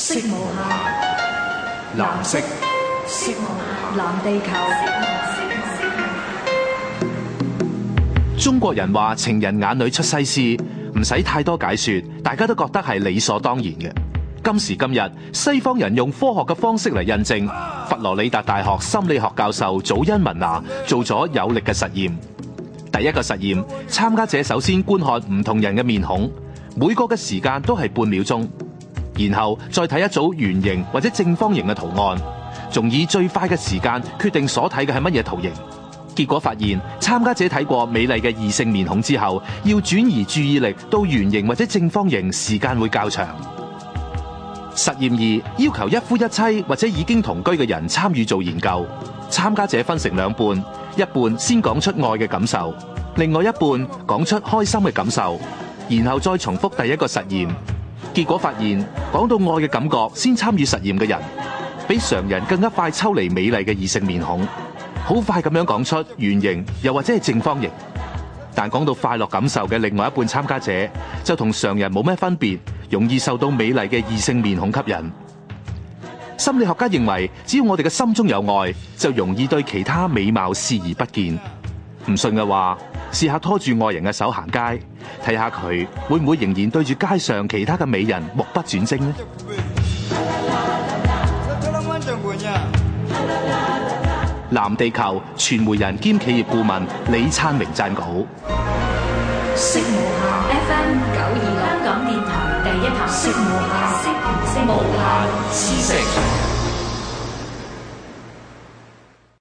色無暇，藍色，藍地球。中國人話情人眼裏出西施，唔使太多解說，大家都覺得係理所當然嘅。今時今日，西方人用科學嘅方式嚟印證。佛羅里達大學心理學教授祖恩文娜做咗有力嘅實驗。第一個實驗，參加者首先觀看唔同人嘅面孔，每個嘅時間都係半秒鐘。然後再睇一組圓形或者正方形嘅圖案，仲以最快嘅時間決定所睇嘅係乜嘢圖形。結果發現，參加者睇過美麗嘅異性面孔之後，要轉移注意力到圓形或者正方形時間會較長。實驗二要求一夫一妻或者已經同居嘅人參與做研究。參加者分成兩半，一半先講出愛嘅感受，另外一半講出開心嘅感受，然後再重複第一個實驗。結果發現，講到愛嘅感覺，先參與實驗嘅人，比常人更加快抽離美麗嘅異性面孔，好快咁樣講出圓形，又或者係正方形。但講到快樂感受嘅另外一半參加者，就同常人冇咩分別，容易受到美麗嘅異性面孔吸引。心理學家認為，只要我哋嘅心中有愛，就容易對其他美貌視而不見。唔信嘅話？試下拖住愛人嘅手行街，睇下佢會唔會仍然對住街上其他嘅美人目不轉睛咧？藍地球傳媒人兼企業顧問李燦榮撰稿。